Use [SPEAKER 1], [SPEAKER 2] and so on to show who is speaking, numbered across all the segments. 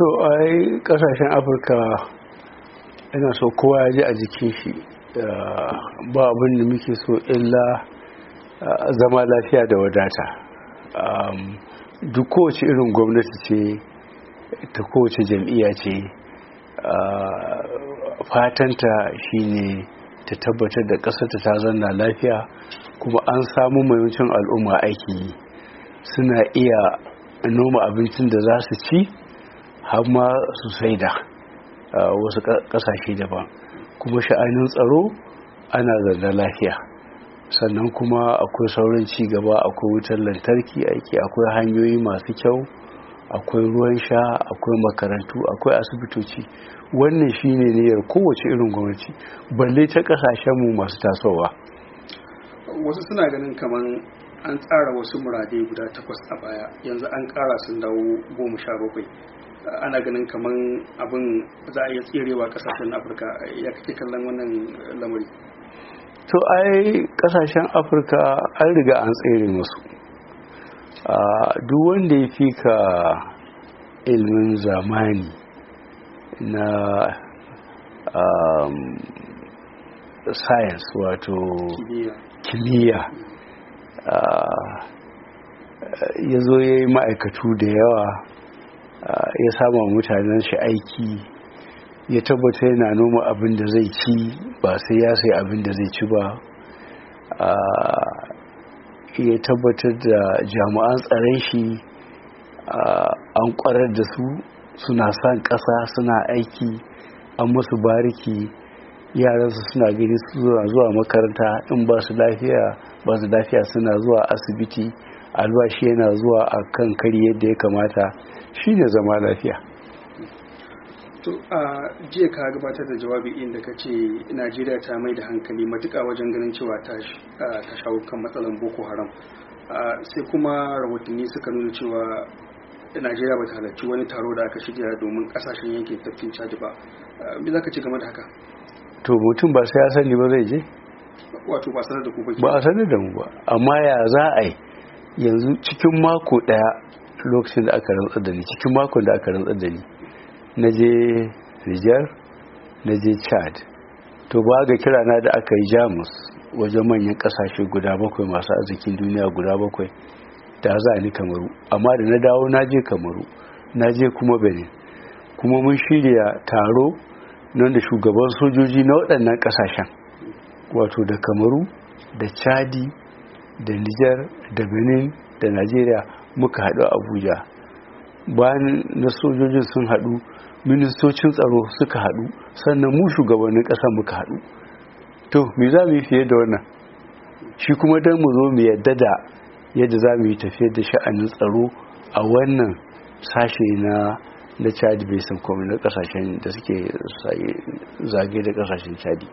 [SPEAKER 1] to ai kasashen afirka yana so kowa ya ji a jikin shi ba abin da muke so illa ah, zama lafiya da wadata duk kowace irin gwamnati ce ta kowace jam'iyya ce ah, fatanta shine ta tabbatar da ƙasarta ta zanna lafiya kuma an samu mayuncin al'umma aiki suna iya noma abincin da za su ci har ma su sai a wasu kasashe daban kuma sha'anin tsaro ana zarda lafiya sannan kuma akwai saurin ci gaba akwai wutar lantarki aiki akwai hanyoyi masu kyau akwai ruwan sha akwai makarantu akwai asibitoci wannan ne niyyar kowace irin gwamnati balle ta kasashenmu masu tasowa
[SPEAKER 2] wasu suna ganin kamar an tsara wasu murade guda takwas a baya yanzu an kara sun dawo goma sha bakwai ana ganin kamar abin za a iya tserewa kasashen afirka ya kake kallon wannan lamari
[SPEAKER 1] to ai kasashen afirka an riga an tsere musu duk wanda ya fi ka ilmin zamani na um, science wato kimiyya ya zo ya yi ma'aikatu da yawa ya sama mutanen shi aiki ya tabbata yana noma abin da zai ci ba sai ya sai abin da zai ci ba ya tabbatar da jami'an tsaron shi an kwarar da su suna san ƙasa suna aiki an musu bariki su suna gani suna zuwa makaranta in ba su lafiya ba su lafiya suna zuwa asibiti albashi yana zuwa a kan kari yadda ya kamata shi ne zama lafiya
[SPEAKER 2] to a jiya ka gabatar da jawabi inda ka ce najeriya ta mai da hankali matuka wajen ganin cewa ta shawo kan matsalar boko haram sai kuma rahotanni suka nuna cewa najeriya ba ta halarci wani taro da aka shirya domin kasashen yankin tafkin caji ba me za ka ci game da haka
[SPEAKER 1] to mutum ba sai ya sani ba zai je
[SPEAKER 2] ba a
[SPEAKER 1] sanar da mu ba amma ya za a yi yanzu cikin mako daya lokacin da aka rantsar da ni cikin makon da aka rantsar da ni na je Nijar na je Chad to ba ga kira na da aka yi Jamus wajen manyan kasashe guda bakwai masu arzikin duniya guda bakwai da za ni Kamaru amma da na dawo na je Kamaru na je kuma Benin kuma mun shirya taro nan da shugaban sojoji na waɗannan ƙasashen wato da kamaru da chadi da nijar da benin da najeriya muka haɗu abuja bayan na sojojin sun haɗu ministocin tsaro suka haɗu sannan mu shugabannin ƙasa muka haɗu to me za mu yi fiye da wannan shi kuma don mu zo mu yadda da yadda za mu yi tafiye da sha'anin tsaro a wannan sashe na na chad basin komai na kasashen da suke zage da kasashen chadi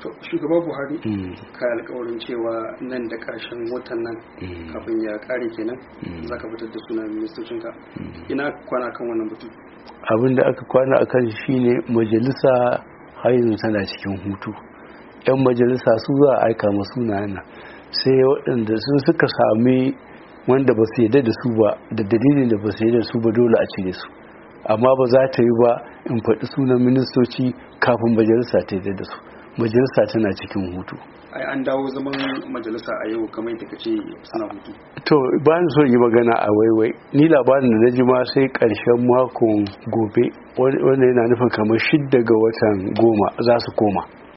[SPEAKER 1] to shugaba buhari mm.
[SPEAKER 2] ka alkawarin cewa nan da karshen watan nan mm. kafin ya kare kenan mm. za ka fitar da sunan ka ina kwana kan wannan batu
[SPEAKER 1] abin da aka kwana a kan shi ne majalisa har yanzu tana cikin hutu yan majalisa su za a aika masu yana sai waɗanda sun suka sami wanda ba su yadda da su ba da dalilin da ba su yadda da su ba dole a cire su amma ba za ta yi ba in faɗi sunan ministoci kafin majalisa ta yi da su majalisa tana cikin hutu
[SPEAKER 2] ai an dawo zaman majalisa a yau kamar yadda kace suna hutu
[SPEAKER 1] to ba ni so yi magana a waiwai ni labarin da na ji ma sai ƙarshen makon gobe wanda yana nufin kamar shidda ga watan goma za su koma